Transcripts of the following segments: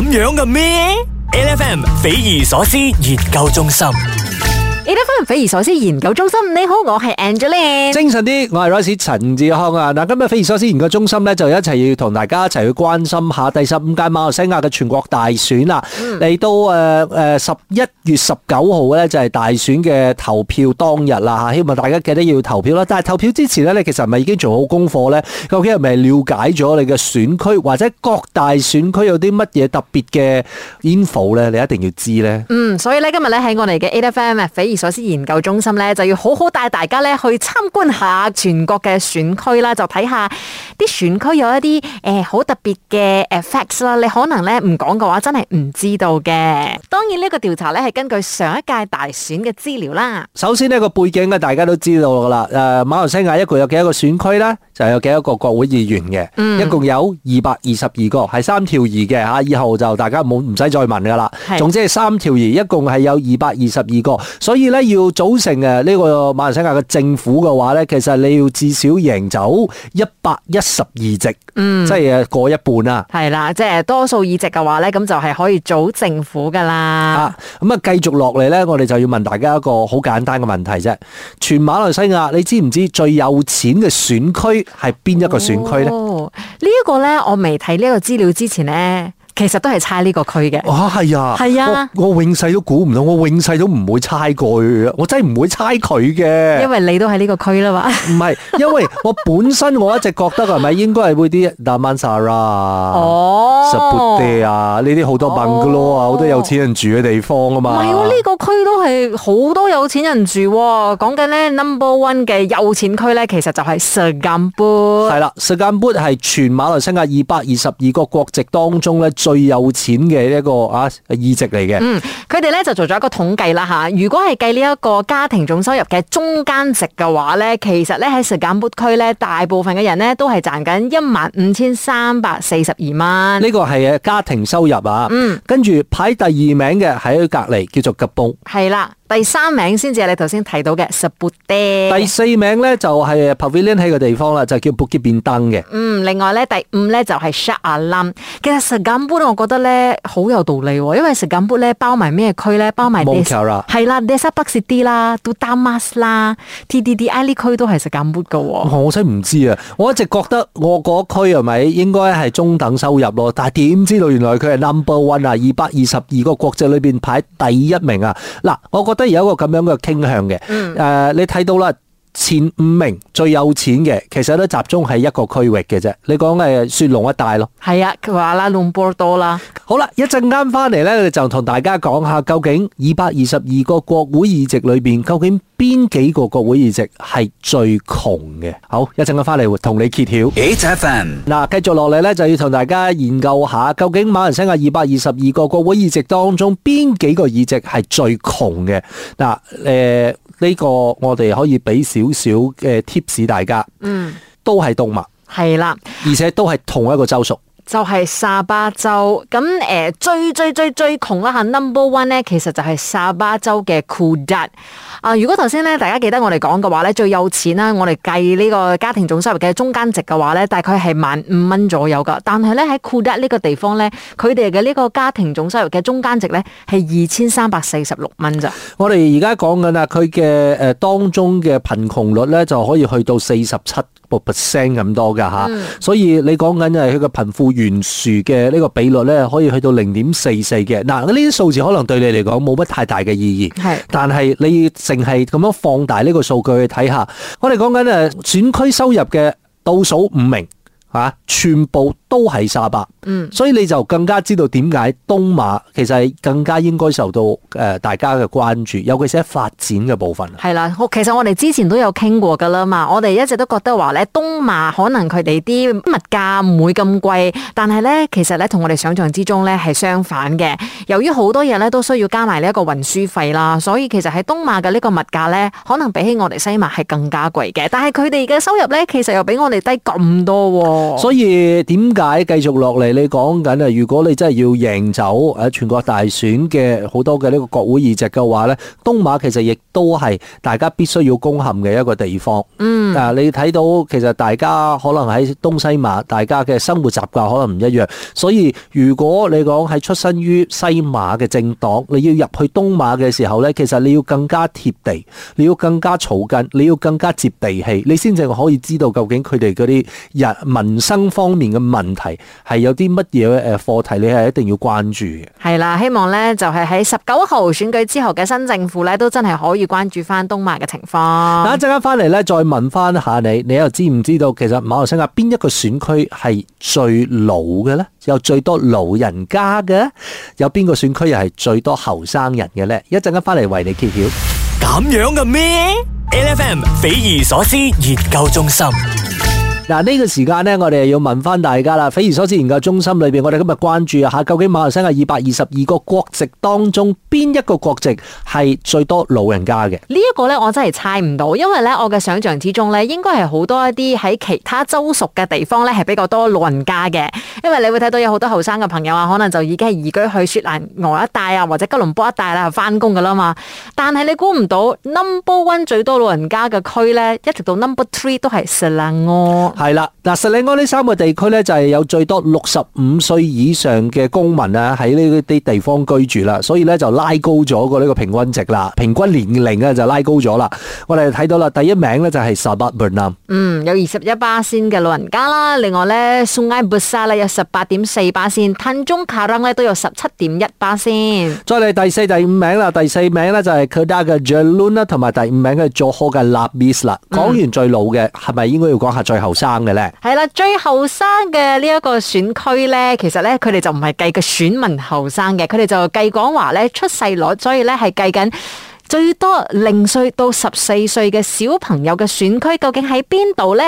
咁樣嘅咩？L F M，匪夷所思研究中心。得 8FM 匪夷所思研究中心，你好，我係 Angeline。精神啲，我係 Royce 陳志康啊！嗱，今日匪夷所思研究中心咧，就一齊要同大家一齊去關心一下第十五屆馬來西亞嘅全國大選啦。嚟、嗯、到誒誒十一月十九號咧，就係大選嘅投票當日啦吓！希望大家記得要投票啦。但係投票之前咧，你其實係咪已經做好功課咧？究竟係咪了解咗你嘅選區或者各大選區有啲乜嘢特別嘅 info 咧？你一定要知咧。嗯，所以咧今日咧喺我哋嘅 8FM 匪所思研究中心咧就要好好帶大家咧去參觀下全國嘅選區啦，就睇下啲選區有一啲誒好特別嘅誒 facts 啦。你可能咧唔講嘅話，真係唔知道嘅。當然呢個調查咧係根據上一屆大選嘅資料啦。首先呢個背景咧大家都知道噶啦，誒馬來西亞一共有幾多個選區咧，就有幾多個國會議員嘅、嗯，一共有二百二十二個，係三條二嘅吓。以後就大家冇唔使再問噶啦。總之係三條二，一共係有二百二十二個，所以，咧要組成誒呢個馬來西亞嘅政府嘅話咧，其實你要至少贏走一百一十二席，嗯、即係過一半啦。係啦，即係多數議席嘅話咧，咁就係可以組政府噶啦。啊，咁啊繼續落嚟咧，我哋就要問大家一個好簡單嘅問題啫。全馬來西亞，你知唔知最有錢嘅選區係邊一個選區咧？呢、哦、一、個咧，我未睇呢個資料之前咧。其實都係猜呢個區嘅。啊，係、哎、啊。係啊。我永世都估唔到，我永世都唔會猜佢，我真係唔會猜佢嘅。因為你都喺呢個區啦嘛。唔係，因為我本身我一直覺得係咪應該係會啲達曼薩拉啊、哦、Seputeh 啊呢啲好多笨噶咯啊，好多有錢人住嘅地方啊嘛。唔係喎，呢個區都係好多有錢人住喎。講緊咧 Number One 嘅有錢區咧，其實就係 Segambut。係啦，Segambut 係全馬來西亞二百二十二個國席當中咧，最有錢嘅一個啊，議席嚟嘅。嗯，佢哋咧就做咗一個統計啦嚇。如果係計呢一個家庭總收入嘅中間值嘅話咧，其實咧喺 Segambut 區咧，大部分嘅人咧都係賺緊一萬五千三百四十二蚊。呢個係家庭收入啊。嗯。跟住排第二名嘅喺佢隔離叫做 Kepong。係啦。第三名先至係你頭先提到嘅 Seputeh。第四名咧就係 Pavilion 喺個地方啦，就叫 Bukit Bintang 嘅。嗯。另外咧第五咧就係 Shah Alam Segambut 我覺得咧好有道理，哦，因為 Segambut 咧包埋咩區咧包埋，係啦 Desa Park City 啲啦，都 Dutamas 啦，TTDI 呢區都係 Segambut 噶。我真唔知啊，我一直覺得我嗰區係咪應該係中等收入咯，但係點知道原來佢係 number one 啊，二百二十二個國際裏邊排第一名啊！嗱，我覺得有一個咁樣嘅傾向嘅，誒、嗯呃，你睇到啦。前五名最有錢嘅，其實都集中喺一個區域嘅啫。你講誒，雪龍一帶咯，係啊，佢話 啦樂，隆波多啦。好啦，一陣間翻嚟呢，就同大家講下究竟二百二十二個國會議席裏邊，究竟邊幾個國會議席係最窮嘅？好，一陣間翻嚟同你揭曉。H F M 嗱，繼 續落嚟呢，就要同大家研究下，究竟馬來西亞二百二十二個國會議席當中，邊幾個議席係最窮嘅？嗱、呃，誒。呢、這個我哋可以俾少少嘅 tips 大家，嗯，都係動物，係啦，而且都係同一個州屬。就係、是、沙巴州咁誒，最最最最窮啦吓，number one 咧，其實就係沙巴州嘅庫達啊。如果頭先咧，大家記得我哋講嘅話咧，最有錢啦，我哋計呢個家庭總收入嘅中間值嘅話咧，大概係萬五蚊左右噶。但係咧喺庫達呢個地方咧，佢哋嘅呢個家庭總收入嘅中間值咧係二千三百四十六蚊咋。我哋而家講緊啊，佢嘅誒當中嘅貧窮率咧就可以去到四十七個 percent 咁多噶吓。嗯、所以你講緊係佢嘅貧富。懸殊嘅呢個比率呢，可以去到零點四四嘅。嗱，呢啲數字可能對你嚟講冇乜太大嘅意義。係，但係你淨係咁樣放大呢個數據去睇下，我哋講緊誒選區收入嘅倒數五名啊，全部。都係沙巴，嗯，所以你就更加知道點解東馬其實係更加應該受到誒大家嘅關注，尤其是喺發展嘅部分。係啦。好，其實我哋之前都有傾過噶啦嘛，我哋一直都覺得話咧東馬可能佢哋啲物價唔會咁貴，但係咧其實咧同我哋想象之中咧係相反嘅。由於好多嘢咧都需要加埋呢一個運輸費啦，所以其實喺東馬嘅呢個物價咧，可能比起我哋西馬係更加貴嘅。但係佢哋嘅收入咧，其實又比我哋低咁多，啊。所以點解。但繼續落嚟，你講緊啊！如果你真係要贏走喺全國大選嘅好多嘅呢個國會議席嘅話呢，東馬其實亦都係大家必須要攻陷嘅一個地方。嗯，但係，你睇到其實大家可能喺東西馬，大家嘅生活習慣可能唔一樣，所以如果你講係出身於西馬嘅政黨，你要入去東馬嘅時候呢，其實你要更加貼地，你要更加草根，你要更加接地氣，你先至可以知道究竟佢哋嗰啲人民生方面嘅民問題係有啲乜嘢誒課題？你係一定要關注嘅。係啦，希望咧就係喺十九號選舉之後嘅新政府咧，都真係可以關注翻東馬嘅情況。嗱，一陣間翻嚟咧，再問翻下你，你又知唔知道其實馬來西亞邊一個選區係最老嘅咧？有最多老人家嘅，有邊個選區又係最多後生人嘅咧？一陣間翻嚟為你揭曉。咁樣嘅咩？LFM，匪夷所思研究中心。嗱、這、呢個時間呢，我哋要問翻大家啦。匪夷所思研究中心裏邊，我哋今日關注下，究竟馬來西亞二百二十二個國席當中，邊一個國席係最多老人家嘅？呢、這、一個呢，我真係猜唔到，因為呢，我嘅想像之中呢，應該係好多一啲喺其他州屬嘅地方呢，係比較多老人家嘅。因為你會睇到有好多後生嘅朋友啊，可能就已經係移居去雪蘭莪一帶啊，或者吉隆坡一帶啦，翻工㗎啦嘛。但係你估唔到，number one 最多老人家嘅區呢，一直到 number three 都係雪蘭係啦，嗱，雪蘭莪呢三個地區咧，就係有最多六十五歲以上嘅公民啊，喺呢啲地方居住啦，所以咧就拉高咗個呢個平均值啦，平均年齡啊就拉高咗啦。我哋睇到啦，第一名咧就係 Sabak Bernam 啦，嗯，有二十一巴仙嘅老人家啦，另外咧，Sungai Besar 咧有十八點四巴仙，Tanjong Karang 咧都有十七點一巴仙。再嚟第四、第五名啦，第四名咧就係 Kedah 嘅 Jerlun，同埋第五名嘅 Johor 嘅 Labis 啦。講完最老嘅，係咪應該要講下最後生？啱嘅係啦，最後生嘅呢一個選區咧，其實呢，佢哋就唔係計個選民後生嘅，佢哋就計講話呢，出世率，所以呢係計緊最多零歲到十四歲嘅小朋友嘅選區，究竟喺邊度呢？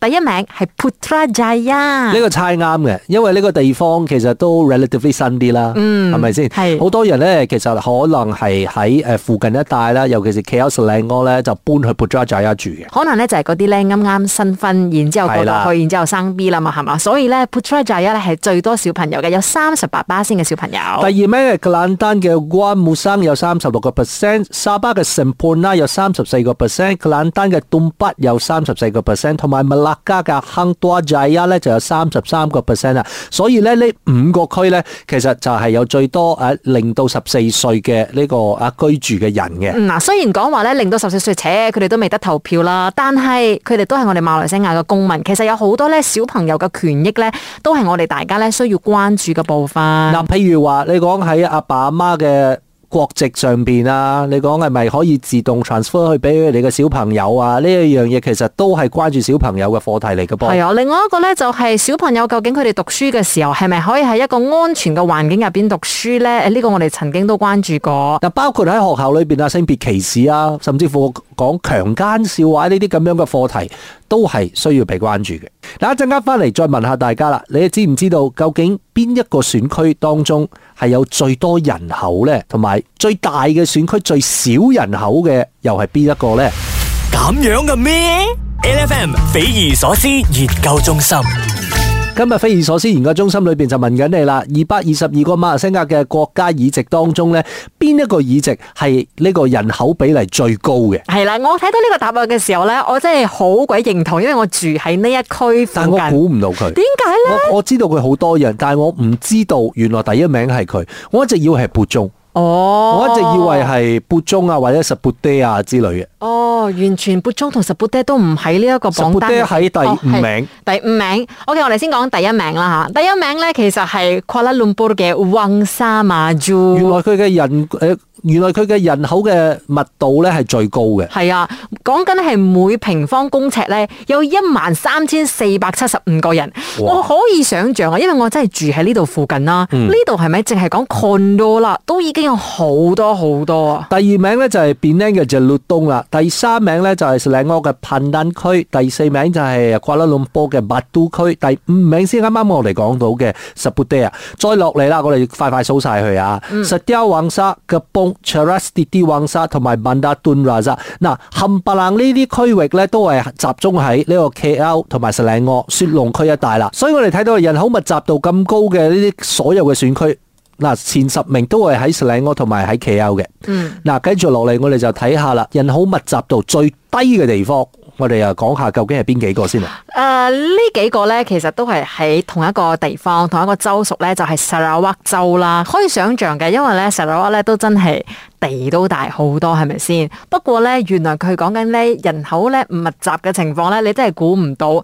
第一名係 Putrajaya，呢個猜啱嘅，因為呢個地方其實都 relatively 新啲啦，係咪先？係好多人咧，其實可能係喺誒附近一帶啦，尤其是 Kuala Selangor 咧，就搬去 Putrajaya 住嘅。可能咧就係嗰啲咧啱啱新婚，然之後過去，然之後生 B 啦嘛，係嘛？所以咧 Putrajaya 咧係最多小朋友嘅，有三十八巴仙嘅小朋友。第二名嘅 Kelantan 嘅關木生有三十六個 percent，沙巴嘅成潘啦，有三十四個 percent，格蘭丹嘅東北有三十四個 percent，同埋百家嘅亨多阿仔咧，就有三十三個 percent 啦。所以咧，呢五個區呢，其實就係有最多誒零到十四歲嘅呢個啊居住嘅人嘅。嗱，雖然講話呢，零到十四歲，且佢哋都未得投票啦，但係佢哋都係我哋馬來西亞嘅公民。其實有好多咧小朋友嘅權益呢，都係我哋大家咧需要關注嘅部分。嗱，譬如話你講喺阿爸阿媽嘅。國籍上面啊，你講係咪可以自動 transfer 去俾你嘅小朋友啊？呢一樣嘢其實都係關注小朋友嘅課題嚟嘅噃。係啊，另外一個呢，就係小朋友究竟佢哋讀書嘅時候係咪可以喺一個安全嘅環境入邊讀書呢？誒，呢個我哋曾經都關注過。嗱，包括喺學校裏面啊，性別歧視啊，甚至乎。講強奸笑話呢啲咁樣嘅課題都係需要被關注嘅。嗱，一陣間翻嚟再問下大家啦，你哋知唔知道究竟邊一個選區當中係有最多人口呢？同埋最大嘅選區最少人口嘅又係邊一個呢？咁樣嘅咩？LFM，匪夷所思研究中心。今日匪夷所思研究中心裏邊就問緊你啦，二百二十二個馬來西亞嘅國家議席當中呢，邊一個議席係呢個人口比例最高嘅？係啦，我睇到呢個答案嘅時候呢，我真係好鬼認同，因為我住喺呢一區。但我估唔到佢點解呢？我我知道佢好多人，但係我唔知道原來第一名係佢，我一直以為係蒲種。哦、oh，我一直以為係蒲種啊，或者士布爹啊之類嘅。哦、oh，完全蒲種同士布爹都唔喺呢一個榜單入面。士布爹喺第五名。Oh, okay, 第五名。OK，我哋先講第一名啦嚇。第一名咧，其實係 Kuala Lumpur 嘅 Wangsa Maju。原來佢嘅人誒，原來佢嘅人口嘅密度咧係最高嘅。係啊，講緊咧係每平方公尺咧有一萬三千四百七十五個人。我可以想象啊，因為我真係住喺呢度附近啦。呢度係咪淨係講 Condo 啦？是是是都已經。好多好多啊！第二名咧就係 Penang 嘅 Jelutong 啦，第三名咧就係石嶺屋嘅 Pandan 區，第四名就係 Kuala Lumpur 嘅麥都區，第五名先啱啱我哋講到嘅 Subday 啊，再落嚟啦，我哋快快數晒佢啊！SetiawangsaKepongCherasTitiwangsa 同埋 Bandar Tun Razak，嗱冚唪唥呢啲區域咧都係集中喺呢個 KL 同埋石嶺屋雪隆區一帶啦，所以我哋睇到人口密集度咁高嘅呢啲所有嘅選區。嗱，前十名都係喺雪蘭莪同埋喺騎友嘅。嗱、嗯，跟住落嚟，我哋就睇下啦。人口密集度最低嘅地方，我哋又講下究竟係邊幾個先啊？誒、呃，呢幾個咧，其實都係喺同一個地方，同一個州屬咧，就係砂拉越州啦。可以想象嘅，因為咧砂拉越咧都真係地都大好多，係咪先？不過咧，原來佢講緊呢人口咧密集嘅情況咧，你真係估唔到。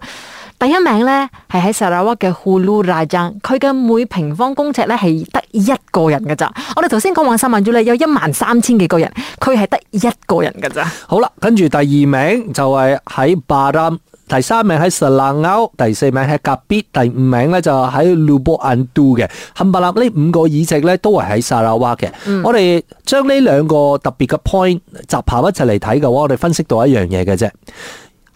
第一名咧係喺砂拉越嘅 Hulu Rajang，佢嘅每平方公尺咧係得一個人嘅咋。我哋頭先講萬山民族咧有一萬三千幾個人，佢係得一個人嘅咋。好啦，跟住第二名就係喺巴林，第三名喺砂拉歐，第四名喺甲必，第五名咧就喺 Lubok Antu 嘅。冚唪唥呢五個議席咧都係喺砂拉越嘅。嗯。我哋將呢兩個特別嘅 point 集合一齊嚟睇嘅話，我哋分析到一樣嘢嘅啫。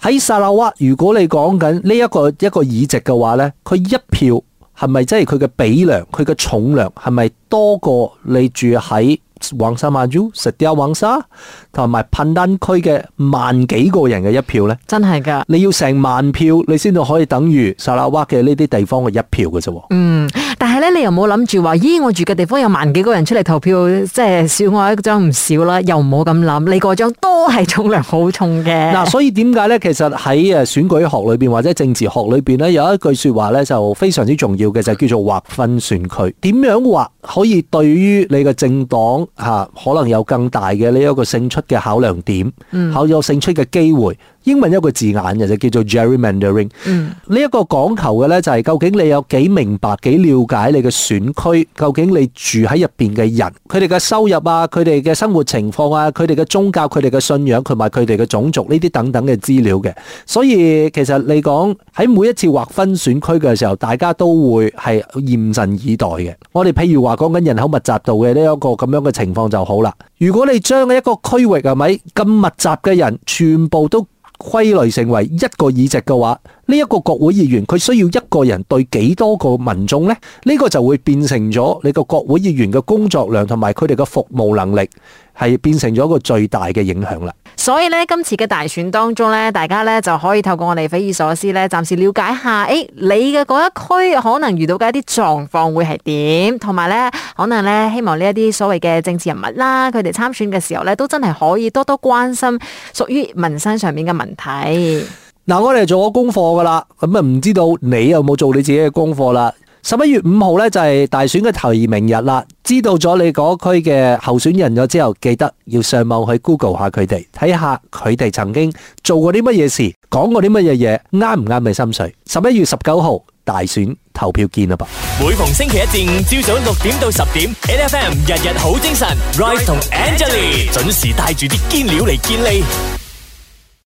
喺沙拉瓦，如果你講緊呢一個一個議席嘅話咧，佢一票係咪即係佢嘅比重？佢嘅重量係咪多過你住喺？旺沙曼珠食啲沙，同埋噴丹區嘅萬幾個人嘅一票咧，真係噶！你要成萬票，你先至可以等於砂拉越嘅呢啲地方嘅一票嘅啫。嗯，但係咧，你又冇諗住話，咦，我住嘅地方有萬幾個人出嚟投票，即係少我一張唔少啦，又唔好咁諗，你嗰張都係重量好重嘅。嗱、啊，所以點解咧？其實喺誒選舉學裏邊或者政治學裏邊咧，有一句說話咧，就非常之重要嘅，就是、叫做劃分選區。點樣劃可以對於你嘅政黨？吓，可能有更大嘅呢一個勝出嘅考量點，考有勝出嘅機會。英文有一個字眼嘅，就叫做 gerrymandering。呢、嗯、一、這個講求嘅呢，就係究竟你有幾明白、幾了解你嘅選區，究竟你住喺入邊嘅人，佢哋嘅收入啊、佢哋嘅生活情況啊、佢哋嘅宗教、佢哋嘅信仰、同埋佢哋嘅種族呢啲等等嘅資料嘅。所以其實你講，喺每一次劃分選區嘅時候，大家都會係嚴陣以待嘅。我哋譬如話講緊人口密集度嘅呢一個咁樣嘅情況就好啦。如果你將一個區域係咪咁密集嘅人全部都？歸類成為一個議席嘅話，呢一個國會議員佢需要一個人對幾多個民眾呢？呢個就會變成咗你個國會議員嘅工作量同埋佢哋嘅服務能力係變成咗一個最大嘅影響啦。所以咧，今次嘅大選當中咧，大家咧就可以透過我哋匪夷所思咧，暫時了解下，誒、哎，你嘅嗰一區可能遇到嘅一啲狀況會係點，同埋咧，可能咧，希望呢一啲所謂嘅政治人物啦，佢哋參選嘅時候咧，都真係可以多多關心屬於民生上面嘅問題。嗱、呃，我哋做咗功課噶啦，咁啊，唔知道你有冇做你自己嘅功課啦？十一月五號咧就係大選嘅提名日啦，知道咗你嗰區嘅候選人咗之後，記得要上網去 Google 下佢哋，睇下佢哋曾經做過啲乜嘢事，講過啲乜嘢嘢，啱唔啱你心水？十一月十九號大選投票見啦噃！每逢星期一至五朝早六點到十點，N F M 日日好精神，Rise 同 Angelie 準時帶住啲堅料嚟見你。